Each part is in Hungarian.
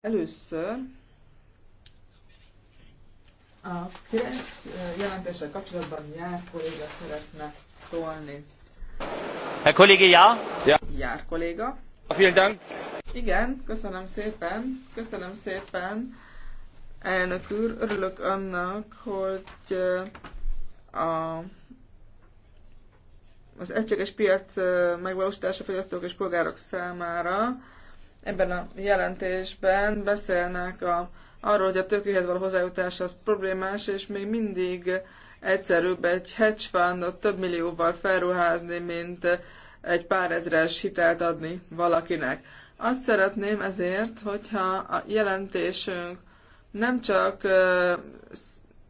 Először a kereszt jelentéssel kapcsolatban jár kolléga szeretne szólni. Herr Kollege, ja? ja? Jár kolléga. Vielen Dank. Igen, köszönöm szépen, köszönöm szépen, elnök úr. Örülök annak, hogy a, az egységes piac megvalósítása fogyasztók és polgárok számára ebben a jelentésben beszélnek a, arról, hogy a tökéhez való hozzájutás az problémás, és még mindig egyszerűbb egy hedge fundot több millióval felruházni, mint egy pár ezres hitelt adni valakinek. Azt szeretném ezért, hogyha a jelentésünk nem csak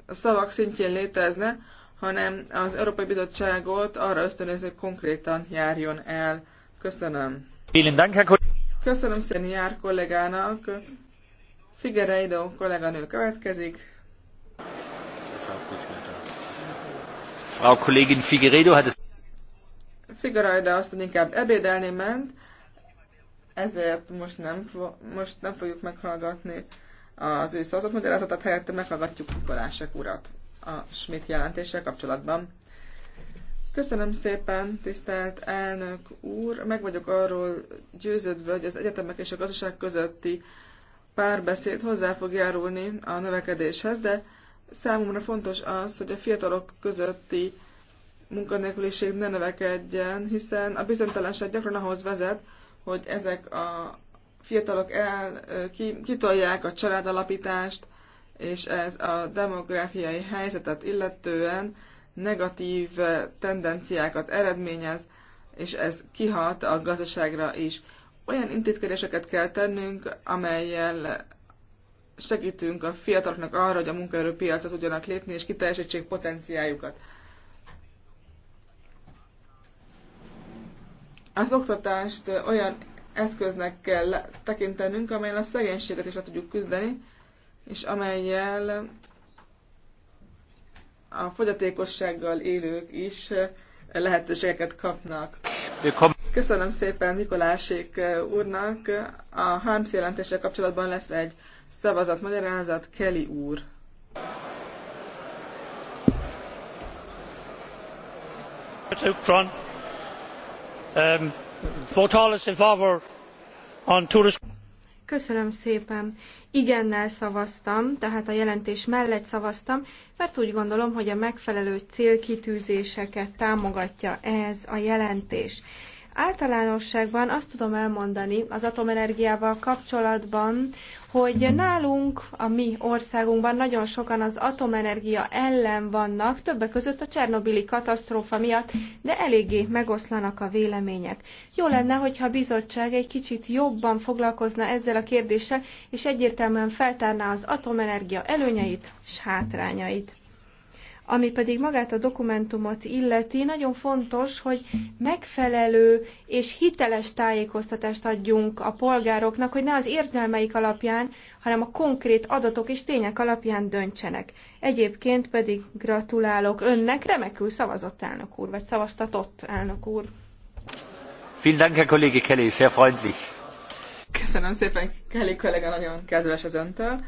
a szavak szintjén létezne, hanem az Európai Bizottságot arra ösztönöző konkrétan járjon el. Köszönöm. Köszönöm szépen Jár kollégának. Figueiredo kolléganő következik. Frau Kollegin Figueiredo hat es... Figueiredo azt, mondja, inkább ebédelni ment, ezért most nem, most nem fogjuk meghallgatni az ő szavazatmagyarázatát, helyette meghallgatjuk Nikolásek urat a Schmidt jelentéssel kapcsolatban. Köszönöm szépen, tisztelt elnök úr. Meg vagyok arról győződve, hogy az egyetemek és a gazdaság közötti párbeszéd hozzá fog járulni a növekedéshez, de számomra fontos az, hogy a fiatalok közötti munkanélküliség ne növekedjen, hiszen a bizonytalanság gyakran ahhoz vezet, hogy ezek a fiatalok el, ki, kitolják a családalapítást, és ez a demográfiai helyzetet illetően negatív eh, tendenciákat eredményez, és ez kihat a gazdaságra is. Olyan intézkedéseket kell tennünk, amelyel segítünk a fiataloknak arra, hogy a munkaerőpiacra tudjanak lépni, és kiteljesítsék potenciájukat. Az oktatást eh, olyan eszköznek kell tekintenünk, amelyen a szegénységet is le tudjuk küzdeni, és amelyel a fogyatékossággal élők is eh, lehetőségeket kapnak. Köszönöm szépen Mikolásék eh, úrnak. A HARMS jelentése kapcsolatban lesz egy magyarázat Kelly úr. Votális um, in favor on tourist Köszönöm szépen. Igennel szavaztam, tehát a jelentés mellett szavaztam, mert úgy gondolom, hogy a megfelelő célkitűzéseket támogatja ez a jelentés. Általánosságban azt tudom elmondani az atomenergiával kapcsolatban, hogy nálunk, a mi országunkban nagyon sokan az atomenergia ellen vannak, többek között a Csernobili katasztrófa miatt, de eléggé megoszlanak a vélemények. Jó lenne, hogyha a bizottság egy kicsit jobban foglalkozna ezzel a kérdéssel, és egyértelműen feltárná az atomenergia előnyeit és hátrányait. Ami pedig magát a dokumentumot illeti, nagyon fontos, hogy megfelelő és hiteles tájékoztatást adjunk a polgároknak, hogy ne az érzelmeik alapján, hanem a konkrét adatok és tények alapján döntsenek. Egyébként pedig gratulálok önnek, remekül szavazott elnök úr, vagy szavaztatott elnök úr. Vielen Dank, Herr Kollege Kelly, sehr freundlich. Köszönöm szépen, Kelly kollega, nagyon kedves az öntől.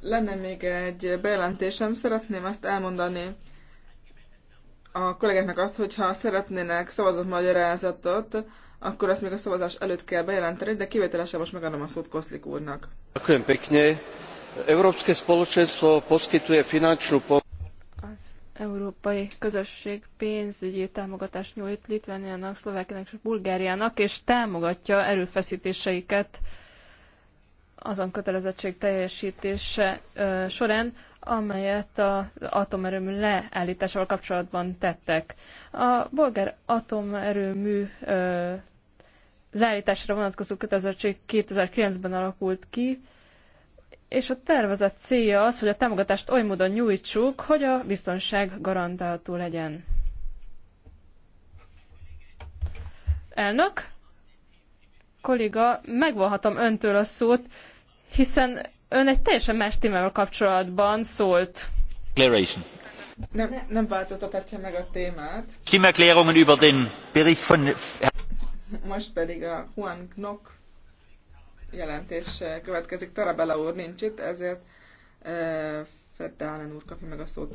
Lenne még egy bejelentésem, szeretném azt elmondani a kollégáknak azt, hogy ha szeretnének szavazott magyarázatot, akkor azt még a szavazás előtt kell bejelenteni, de kivételesen most megadom a szót Koszlik úrnak. Köszönöm pekne. Európske spoločenstvo poskytuje finančnú pomoc. Az Európai Közösség pénzügyi támogatást nyújt Litvániának, Szlovákiának és Bulgáriának, és támogatja erőfeszítéseiket azon kötelezettség teljesítése során, amelyet az atomerőmű leállításával kapcsolatban tettek. A bolgár atomerőmű leállításra vonatkozó kötelezettség 2009-ben alakult ki, és a tervezett célja az, hogy a támogatást oly módon nyújtsuk, hogy a biztonság garantálható legyen. Elnök, kolléga, megvonhatom öntől a szót, hiszen ön egy teljesen más témával kapcsolatban szólt. Declaration. Nem, nem változtathatja meg a témát. Stimmerklärungen über den Bericht von... Most pedig a Juan Knock jelentés következik. Tarabella úr nincs itt, ezért uh, eh, Ferdálen úr kapja meg a szót.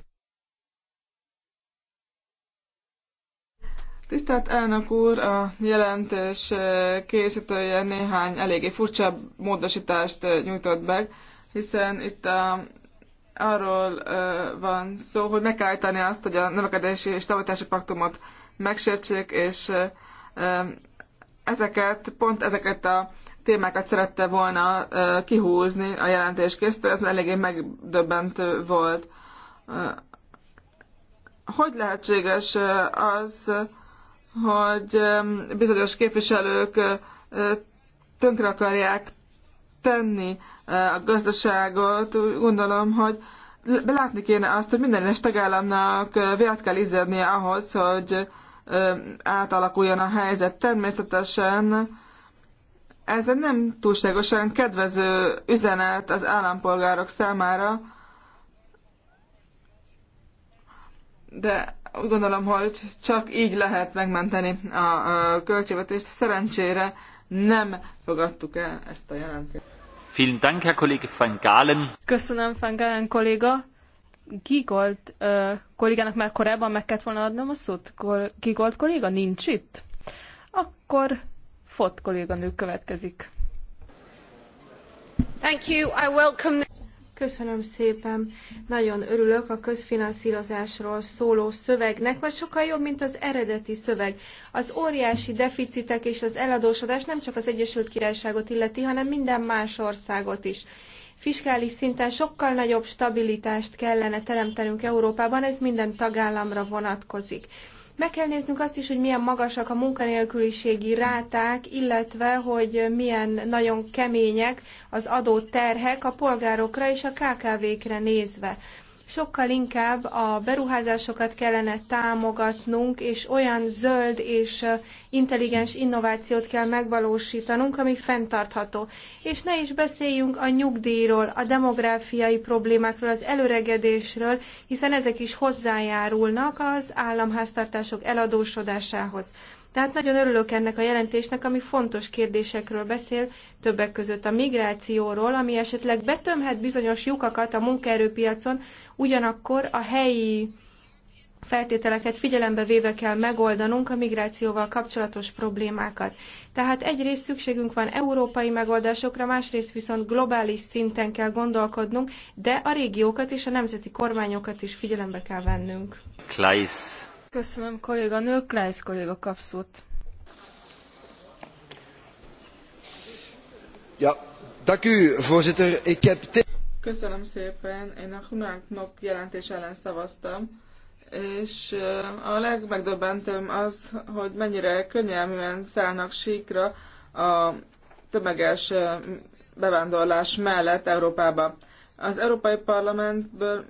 Tisztelt elnök úr, a jelentés eh, készítője néhány eléggé furcsa módosítást eh, nyújtott be, hiszen itt a, eh, arról van szó, hogy meg kell állítani azt, hogy a növekedési és stabilitási paktumot megsértsék, és ezeket, pont ezeket a témákat szerette volna kihúzni a jelentés készítő, ez eléggé megdöbbentő volt. Hogy lehetséges az, hogy bizonyos képviselők tönkre akarják tenni a gazdaságot. Gondolom, hogy belátni kéne azt, hogy minden egyes tagállamnak vért kell izzadni ahhoz, hogy átalakuljon a helyzet. Természetesen ez nem túlságosan kedvező üzenet az állampolgárok számára, de úgy gondolom, hogy csak így lehet megmenteni a költségvetést. Szerencsére nem fogadtuk el ezt a jelentést. Vielen Dank, Herr Kollege van Galen. Köszönöm, van Galen kolléga. Gigold uh, kollégának már korábban meg kellett volna adnom a szót. Kol- Gigold kolléga nincs itt. Akkor Fott kolléganő következik. Thank you. I welcome Köszönöm szépen. Nagyon örülök a közfinanszírozásról szóló szövegnek, mert sokkal jobb, mint az eredeti szöveg. Az óriási deficitek és az eladósodás nem csak az Egyesült Királyságot illeti, hanem minden más országot is. Fiskális szinten sokkal nagyobb stabilitást kellene teremtenünk Európában, ez minden tagállamra vonatkozik meg kell néznünk azt is, hogy milyen magasak a munkanélküliségi ráták, illetve hogy milyen nagyon kemények az adóterhek a polgárokra és a KKV-kre nézve sokkal inkább a beruházásokat kellene támogatnunk, és olyan zöld és intelligens innovációt kell megvalósítanunk, ami fenntartható. És ne is beszéljünk a nyugdíjról, a demográfiai problémákról, az előregedésről, hiszen ezek is hozzájárulnak az államháztartások eladósodásához. Tehát nagyon örülök ennek a jelentésnek, ami fontos kérdésekről beszél, többek között a migrációról, ami esetleg betömhet bizonyos lyukakat a munkaerőpiacon, ugyanakkor a helyi feltételeket figyelembe véve kell megoldanunk a migrációval kapcsolatos problémákat. Tehát egyrészt szükségünk van európai megoldásokra, másrészt viszont globális szinten kell gondolkodnunk, de a régiókat és a nemzeti kormányokat is figyelembe kell vennünk. Kleisz. Köszönöm kolléganő, Klájsz kolléga kap szót. Ja, dank u, voorzitter. Ik heb Köszönöm szépen. Én a Hunang Knop jelentés ellen szavaztam, és a legmegdöbbentőbb az, hogy mennyire könnyelműen szállnak síkra a tömeges bevándorlás mellett Európába. Az Európai Parlamentből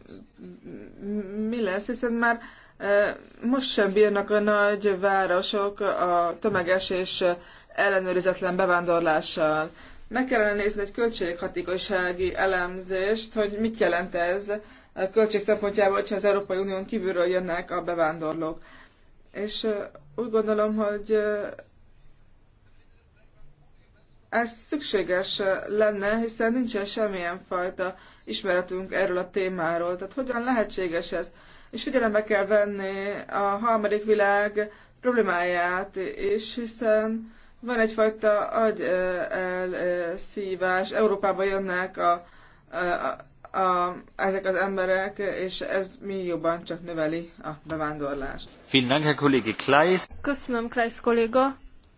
mi lesz, hiszen már most sem bírnak a nagy városok a tömeges és ellenőrizetlen bevándorlással. Meg kellene nézni egy költséghatékonysági elemzést, hogy mit jelent ez a költség szempontjából, hogyha az Európai Unión kívülről jönnek a bevándorlók. És úgy gondolom, hogy ez szükséges lenne, hiszen nincsen semmilyen fajta ismeretünk erről a témáról. Tehát hogyan lehetséges ez? és figyelembe kell venni a harmadik világ problémáját is, hiszen van egyfajta elszívás. Európába jönnek a, a, a, a, ezek az emberek, és ez mi jobban csak növeli a bevándorlást. Köszönöm, Kleisz kolléga.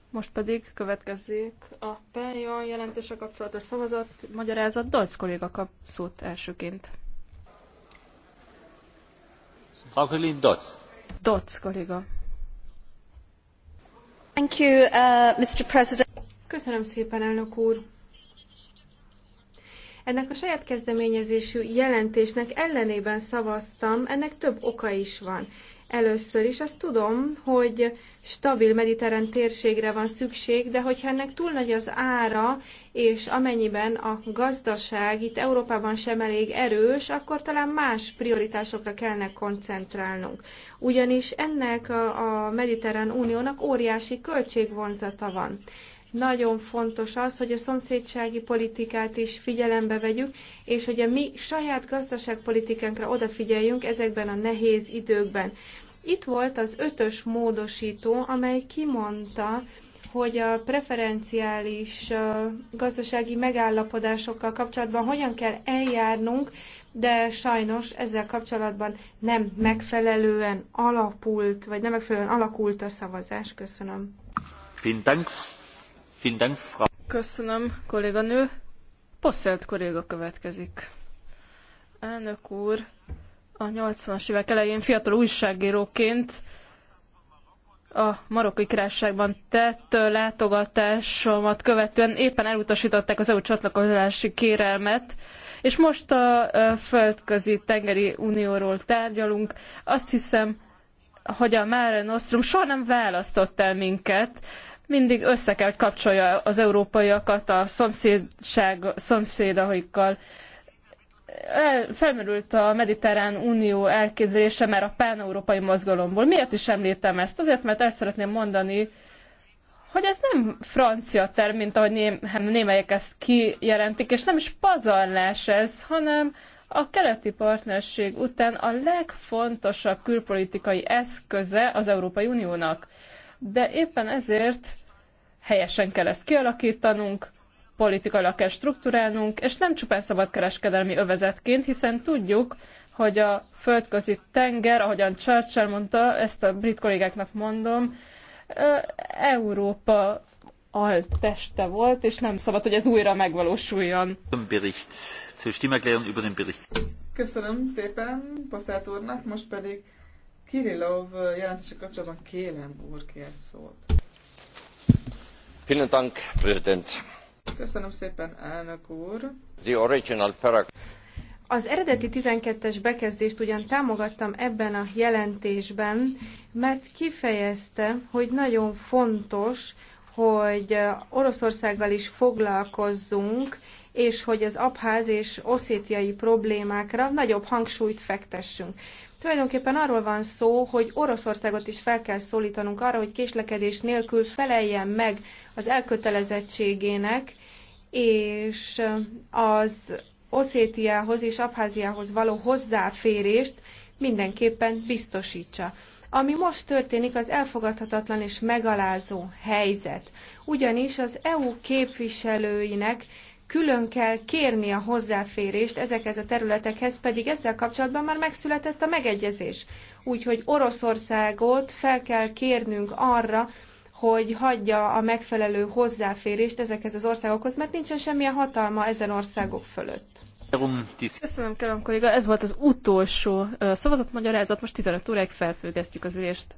Most pedig következzék a PENJON jelentése kapcsolatos szavazat, magyarázat. Dolc kolléga kap szót elsőként. Frau Kollegin uh, Köszönöm szépen, elnök úr. Ennek a saját kezdeményezésű jelentésnek ellenében szavaztam, ennek több oka is van. Először is azt tudom, hogy stabil mediterrán térségre van szükség, de hogyha ennek túl nagy az ára, és amennyiben a gazdaság itt Európában sem elég erős, akkor talán más prioritásokra kellene koncentrálnunk. Ugyanis ennek a, a mediterrán uniónak óriási költségvonzata van nagyon fontos az, hogy a szomszédsági politikát is figyelembe vegyük, és hogy a mi saját gazdaságpolitikánkra odafigyeljünk ezekben a nehéz időkben. Itt volt az ötös módosító, amely kimondta, hogy a preferenciális gazdasági megállapodásokkal kapcsolatban hogyan kell eljárnunk, de sajnos ezzel kapcsolatban nem megfelelően alapult, vagy nem megfelelően alakult a szavazás. Köszönöm. Köszönöm, kolléganő. Posselt kolléga következik. Elnök úr, a 80-as évek elején fiatal újságíróként a marokkai királyságban tett látogatásomat követően éppen elutasították az EU csatlakozási kérelmet, és most a Földközi Tengeri Unióról tárgyalunk. Azt hiszem, hogy a Mare Nostrum soha nem választott el minket, mindig össze kell, hogy kapcsolja az európaiakat a szomszédság, szomszédaikkal felmerült a Mediterrán Unió elképzelése már a pán-európai mozgalomból. Miért is említem ezt? Azért, mert el szeretném mondani, hogy ez nem francia term, mint ahogy ném, hát némelyek ezt kijelentik, és nem is pazarlás ez, hanem a keleti partnerség után a legfontosabb külpolitikai eszköze az Európai Uniónak. De éppen ezért helyesen kell ezt kialakítanunk, politikailag kell struktúrálnunk, és nem csupán szabadkereskedelmi övezetként, hiszen tudjuk, hogy a földközi tenger, ahogyan Churchill mondta, ezt a brit kollégáknak mondom, Európa alteste volt, és nem szabad, hogy ez újra megvalósuljon. Köszönöm szépen Passzát úrnak, most pedig Kirillov jelentése kapcsolatban Kélem úr kért szót. Vielen Dank, Präsident. Köszönöm szépen, elnök úr. The original Az eredeti 12-es bekezdést ugyan támogattam ebben a jelentésben, mert kifejezte, hogy nagyon fontos, hogy Oroszországgal is foglalkozzunk, és hogy az abház és oszétiai problémákra nagyobb hangsúlyt fektessünk. Tulajdonképpen arról van szó, hogy Oroszországot is fel kell szólítanunk arra, hogy késlekedés nélkül feleljen meg az elkötelezettségének, és az Oszétiához és Abháziához való hozzáférést mindenképpen biztosítsa. Ami most történik, az elfogadhatatlan és megalázó helyzet. Ugyanis az EU képviselőinek külön kell kérni a hozzáférést ezekhez a területekhez, pedig ezzel kapcsolatban már megszületett a megegyezés. Úgyhogy Oroszországot fel kell kérnünk arra, hogy hagyja a megfelelő hozzáférést ezekhez az országokhoz, mert nincsen semmilyen hatalma ezen országok fölött. Köszönöm, kérem kolléga, ez volt az utolsó szavazatmagyarázat, most 15 óráig felfüggesztjük az ülést.